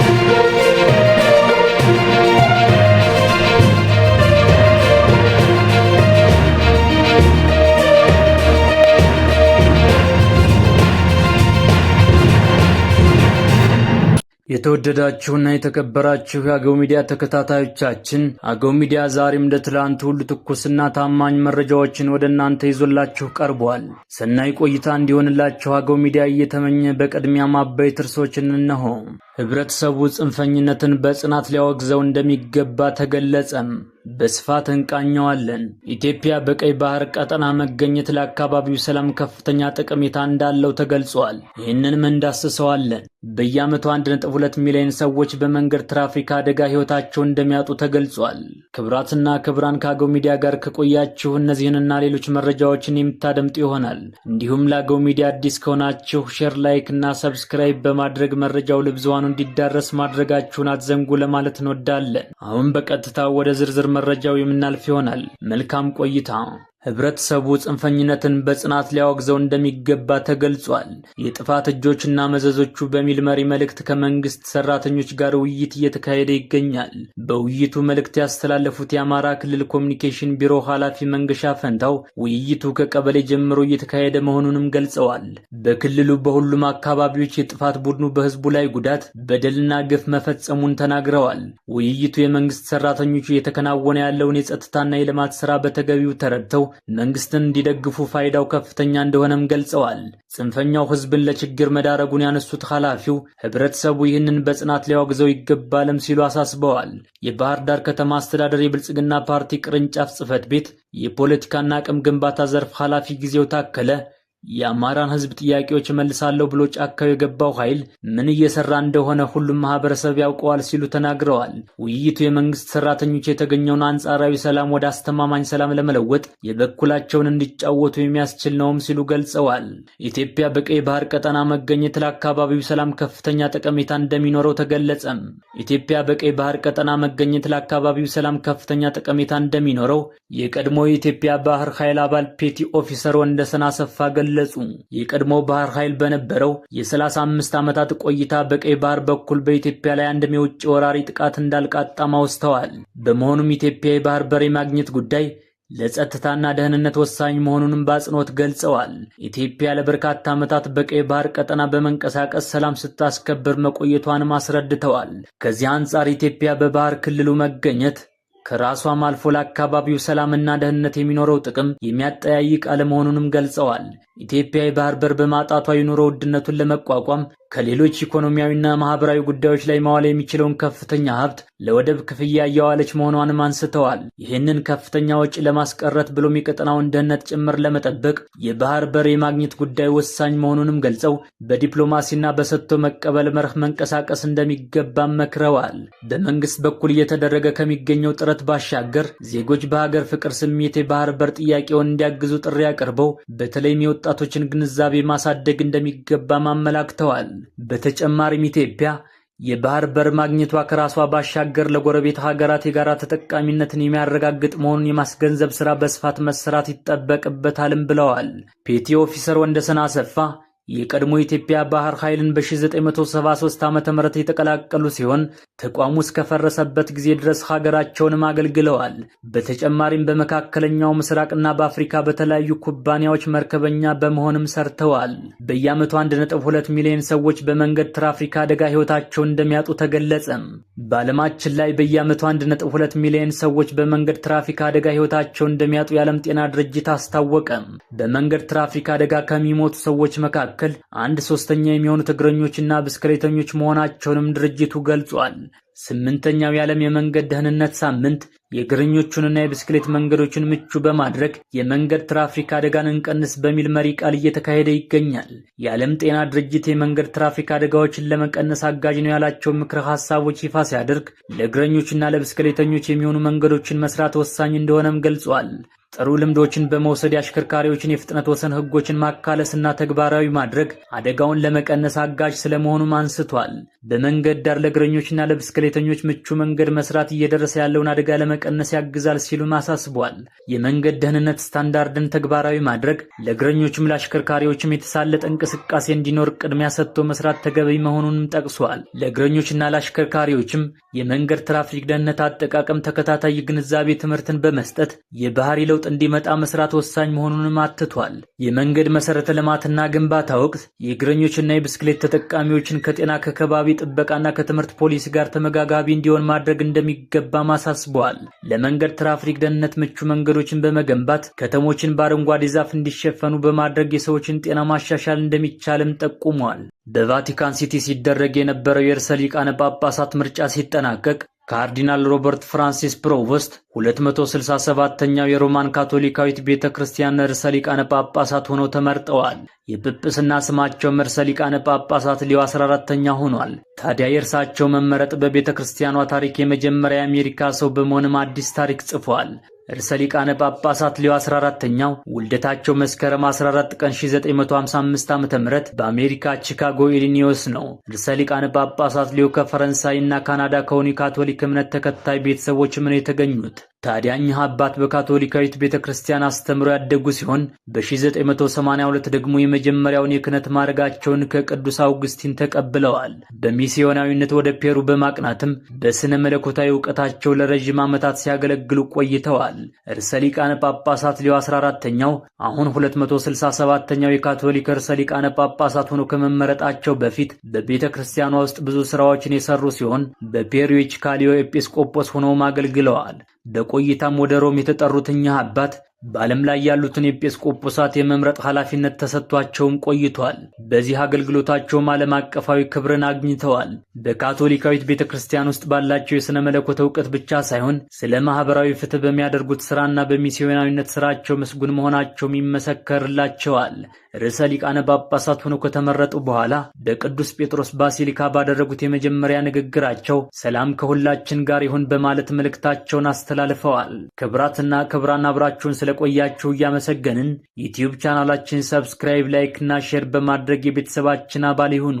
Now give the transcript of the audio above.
Música የተወደዳችሁና የተከበራችሁ የአገው ሚዲያ ተከታታዮቻችን አገው ሚዲያ ዛሬም እንደ ትላንት ሁሉ ትኩስና ታማኝ መረጃዎችን ወደ እናንተ ይዞላችሁ ቀርቧል። ሰናይ ቆይታ እንዲሆንላችሁ አገው ሚዲያ እየተመኘ በቅድሚያ ማበይ ትርሶችን እነሆ። ህብረተሰቡ ጽንፈኝነትን በጽናት ሊያወግዘው እንደሚገባ ተገለጸም። በስፋት እንቃኘዋለን። ኢትዮጵያ በቀይ ባህር ቀጠና መገኘት ለአካባቢው ሰላም ከፍተኛ ጠቀሜታ እንዳለው ተገልጿል። ይህንንም እንዳስሰዋለን። በየዓመቱ 1.2 ሚሊዮን ሰዎች በመንገድ ትራፊክ አደጋ ሕይወታቸው እንደሚያጡ ተገልጿል። ክብራትና ክብራን ከአገው ሚዲያ ጋር ከቆያችሁ እነዚህንና ሌሎች መረጃዎችን የምታደምጡ ይሆናል። እንዲሁም ለአገው ሚዲያ አዲስ ከሆናችሁ ሼር፣ ላይክ እና ሰብስክራይብ በማድረግ መረጃው ለብዙሃኑ እንዲዳረስ ማድረጋችሁን አትዘንጉ ለማለት እንወዳለን። አሁን በቀጥታ ወደ ዝርዝር መረጃው የምናልፍ ይሆናል። መልካም ቆይታ ህብረተሰቡ ጽንፈኝነትን በጽናት ሊያወግዘው እንደሚገባ ተገልጿል። የጥፋት እጆችና መዘዞቹ በሚል መሪ መልእክት ከመንግስት ሰራተኞች ጋር ውይይት እየተካሄደ ይገኛል። በውይይቱ መልእክት ያስተላለፉት የአማራ ክልል ኮሚኒኬሽን ቢሮ ኃላፊ መንገሻ ፈንታው ውይይቱ ከቀበሌ ጀምሮ እየተካሄደ መሆኑንም ገልጸዋል። በክልሉ በሁሉም አካባቢዎች የጥፋት ቡድኑ በህዝቡ ላይ ጉዳት፣ በደልና ግፍ መፈጸሙን ተናግረዋል። ውይይቱ የመንግስት ሰራተኞቹ እየተከናወነ ያለውን የጸጥታና የልማት ስራ በተገቢው ተረድተው መንግስትን እንዲደግፉ ፋይዳው ከፍተኛ እንደሆነም ገልጸዋል። ጽንፈኛው ህዝብን ለችግር መዳረጉን ያነሱት ኃላፊው ህብረተሰቡ ይህንን በጽናት ሊያወግዘው ይገባልም ሲሉ አሳስበዋል። የባህር ዳር ከተማ አስተዳደር የብልጽግና ፓርቲ ቅርንጫፍ ጽህፈት ቤት የፖለቲካና አቅም ግንባታ ዘርፍ ኃላፊ ጊዜው ታከለ የአማራን ህዝብ ጥያቄዎች መልሳለሁ ብሎ ጫካው የገባው ኃይል ምን እየሰራ እንደሆነ ሁሉም ማህበረሰብ ያውቀዋል ሲሉ ተናግረዋል። ውይይቱ የመንግስት ሰራተኞች የተገኘውን አንጻራዊ ሰላም ወደ አስተማማኝ ሰላም ለመለወጥ የበኩላቸውን እንዲጫወቱ የሚያስችል ነውም ሲሉ ገልጸዋል። ኢትዮጵያ በቀይ ባህር ቀጠና መገኘት ለአካባቢው ሰላም ከፍተኛ ጠቀሜታ እንደሚኖረው ተገለጸም። ኢትዮጵያ በቀይ ባህር ቀጠና መገኘት ለአካባቢው ሰላም ከፍተኛ ጠቀሜታ እንደሚኖረው የቀድሞ የኢትዮጵያ ባህር ኃይል አባል ፔቲ ኦፊሰር ወንደሰን አሰፋ ገለ ገለጹ። የቀድሞ ባህር ኃይል በነበረው የ35 ዓመታት ቆይታ በቀይ ባህር በኩል በኢትዮጵያ ላይ አንድም የውጭ ወራሪ ጥቃት እንዳልቃጣም አውስተዋል። በመሆኑም ኢትዮጵያ የባህር በር የማግኘት ጉዳይ ለጸጥታና ደህንነት ወሳኝ መሆኑንም በአጽንኦት ገልጸዋል። ኢትዮጵያ ለበርካታ ዓመታት በቀይ ባህር ቀጠና በመንቀሳቀስ ሰላም ስታስከብር መቆየቷንም አስረድተዋል። ከዚህ አንጻር ኢትዮጵያ በባህር ክልሉ መገኘት ከራሷም አልፎ ለአካባቢው ሰላምና ደህንነት የሚኖረው ጥቅም የሚያጠያይቅ አለመሆኑንም ገልጸዋል። ኢትዮጵያ የባህር በር በማጣቷ የኑሮ ውድነቱን ለመቋቋም ከሌሎች ኢኮኖሚያዊና ማህበራዊ ጉዳዮች ላይ ማዋል የሚችለውን ከፍተኛ ሀብት ለወደብ ክፍያ እያዋለች መሆኗንም አንስተዋል። ይህንን ከፍተኛ ወጪ ለማስቀረት ብሎም የቀጠናውን ደህንነት ጭምር ለመጠበቅ የባህር በር የማግኘት ጉዳይ ወሳኝ መሆኑንም ገልጸው በዲፕሎማሲና በሰጥቶ መቀበል መርህ መንቀሳቀስ እንደሚገባም መክረዋል። በመንግስት በኩል እየተደረገ ከሚገኘው ጥረት ባሻገር ዜጎች በሀገር ፍቅር ስሜት የባህር በር ጥያቄውን እንዲያግዙ ጥሪ አቅርበው በተለይም የወጣቶችን ግንዛቤ ማሳደግ እንደሚገባም አመላክተዋል። በተጨማሪም ኢትዮጵያ የባህር በር ማግኘቷ ከራሷ ባሻገር ለጎረቤት ሀገራት የጋራ ተጠቃሚነትን የሚያረጋግጥ መሆኑን የማስገንዘብ ስራ በስፋት መሰራት ይጠበቅበታልም ብለዋል። ፔቲ ኦፊሰር ወንደሰን አሰፋ የቀድሞ የኢትዮጵያ ባህር ኃይልን በ1973 ዓ ም የተቀላቀሉ ሲሆን ተቋሙ እስከፈረሰበት ጊዜ ድረስ ሀገራቸውንም አገልግለዋል። በተጨማሪም በመካከለኛው ምስራቅና በአፍሪካ በተለያዩ ኩባንያዎች መርከበኛ በመሆንም ሰርተዋል። በየዓመቱ 1.2 ሚሊዮን ሰዎች በመንገድ ትራፊክ አደጋ ሕይወታቸውን እንደሚያጡ ተገለጸም። በዓለማችን ላይ በየዓመቱ 1.2 ሚሊዮን ሰዎች በመንገድ ትራፊክ አደጋ ሕይወታቸውን እንደሚያጡ የዓለም ጤና ድርጅት አስታወቀም። በመንገድ ትራፊክ አደጋ ከሚሞቱ ሰዎች መካከል መካከል አንድ ሶስተኛ የሚሆኑት እግረኞችና ብስክሌተኞች መሆናቸውንም ድርጅቱ ገልጿል። ስምንተኛው የዓለም የመንገድ ደህንነት ሳምንት የእግረኞቹንና የብስክሌት መንገዶችን ምቹ በማድረግ የመንገድ ትራፊክ አደጋን እንቀንስ በሚል መሪ ቃል እየተካሄደ ይገኛል። የዓለም ጤና ድርጅት የመንገድ ትራፊክ አደጋዎችን ለመቀነስ አጋዥ ነው ያላቸው ምክረ ሀሳቦች ይፋ ሲያደርግ ለእግረኞችና ለብስክሌተኞች የሚሆኑ መንገዶችን መስራት ወሳኝ እንደሆነም ገልጿል። ጥሩ ልምዶችን በመውሰድ የአሽከርካሪዎችን የፍጥነት ወሰን ህጎችን ማካለስና ተግባራዊ ማድረግ አደጋውን ለመቀነስ አጋዥ ስለመሆኑም አንስቷል። በመንገድ ዳር ለእግረኞችና ለብስክሌተኞች ምቹ መንገድ መስራት እየደረሰ ያለውን አደጋ ለመቀነስ ያግዛል ሲሉም አሳስቧል። የመንገድ ደህንነት ስታንዳርድን ተግባራዊ ማድረግ ለእግረኞችም ለአሽከርካሪዎችም የተሳለጠ እንቅስቃሴ እንዲኖር ቅድሚያ ሰጥቶ መስራት ተገቢ መሆኑንም ጠቅሷል። ለእግረኞችና ለአሽከርካሪዎችም የመንገድ ትራፊክ ደህንነት አጠቃቀም ተከታታይ ግንዛቤ ትምህርትን በመስጠት የባህሪ ለው ለውጥ እንዲመጣ መስራት ወሳኝ መሆኑንም አትቷል። የመንገድ መሰረተ ልማትና ግንባታ ወቅት የእግረኞችና የብስክሌት ተጠቃሚዎችን ከጤና ከከባቢ ጥበቃና ከትምህርት ፖሊሲ ጋር ተመጋጋቢ እንዲሆን ማድረግ እንደሚገባም አሳስበዋል። ለመንገድ ትራፊክ ደህንነት ምቹ መንገዶችን በመገንባት ከተሞችን በአረንጓዴ ዛፍ እንዲሸፈኑ በማድረግ የሰዎችን ጤና ማሻሻል እንደሚቻልም ጠቁሟል። በቫቲካን ሲቲ ሲደረግ የነበረው የርዕሰ ሊቃነ ጳጳሳት ምርጫ ሲጠናቀቅ ካርዲናል ሮበርት ፍራንሲስ ፕሮቨስት 267ኛው የሮማን ካቶሊካዊት ቤተ ክርስቲያን ርዕሰ ሊቃነ ጳጳሳት ሆነው ተመርጠዋል። የጵጵስና ስማቸውም ርዕሰ ሊቃነ ጳጳሳት ሊዮ 14ተኛ ሆኗል። ታዲያ የእርሳቸው መመረጥ በቤተ ክርስቲያኗ ታሪክ የመጀመሪያ የአሜሪካ ሰው በመሆንም አዲስ ታሪክ ጽፏል። ርዕሰ ሊቃነ ጳጳሳት ሊዮ 14ኛው ውልደታቸው መስከረም 14 ቀን 1955 ዓ.ም በአሜሪካ ቺካጎ ኢሊኒዮስ ነው። ርዕሰ ሊቃነ ጳጳሳት ሌዮ ከፈረንሳይና ካናዳ ከሆኑ ካቶሊክ እምነት ተከታይ ቤተሰቦች ምን የተገኙት ታዲያ እኚህ አባት በካቶሊካዊት ቤተ ክርስቲያን አስተምሮ ያደጉ ሲሆን በ1982 ደግሞ የመጀመሪያውን የክህነት ማድረጋቸውን ከቅዱስ አውግስቲን ተቀብለዋል። በሚስዮናዊነት ወደ ፔሩ በማቅናትም በሥነ መለኮታዊ እውቀታቸው ለረዥም ዓመታት ሲያገለግሉ ቆይተዋል። እርሰ ሊቃነ ጳጳሳት ሊዮ 14ኛው አሁን 267ኛው የካቶሊክ እርሰ ሊቃነ ጳጳሳት ሆኖ ከመመረጣቸው በፊት በቤተ ክርስቲያኗ ውስጥ ብዙ ሥራዎችን የሠሩ ሲሆን በፔሩ የችካሊዮ ኤጲስቆጶስ ሆነውም አገልግለዋል። በቆይታም ወደ ሮም የተጠሩት አባት በዓለም ላይ ያሉትን ኤጲስቆጶሳት የመምረጥ ኃላፊነት ተሰጥቷቸውም ቆይቷል። በዚህ አገልግሎታቸውም ዓለም አቀፋዊ ክብርን አግኝተዋል። በካቶሊካዊት ቤተ ክርስቲያን ውስጥ ባላቸው የሥነ መለኮት እውቀት ብቻ ሳይሆን ስለ ማኅበራዊ ፍትሕ በሚያደርጉት ሥራና በሚስዮናዊነት ሥራቸው ምስጉን መሆናቸውም ይመሰከርላቸዋል። ርዕሰ ሊቃነ ጳጳሳት ሆነው ከተመረጡ በኋላ በቅዱስ ጴጥሮስ ባሲሊካ ባደረጉት የመጀመሪያ ንግግራቸው ሰላም ከሁላችን ጋር ይሁን በማለት መልእክታቸውን አስተላልፈዋል። ክብራትና ክብራን አብራችሁን ስለቆያችሁ እያመሰገንን ዩትዩብ ቻናላችን ሰብስክራይብ፣ ላይክ እና ሼር በማድረግ የቤተሰባችን አባል ይሁኑ።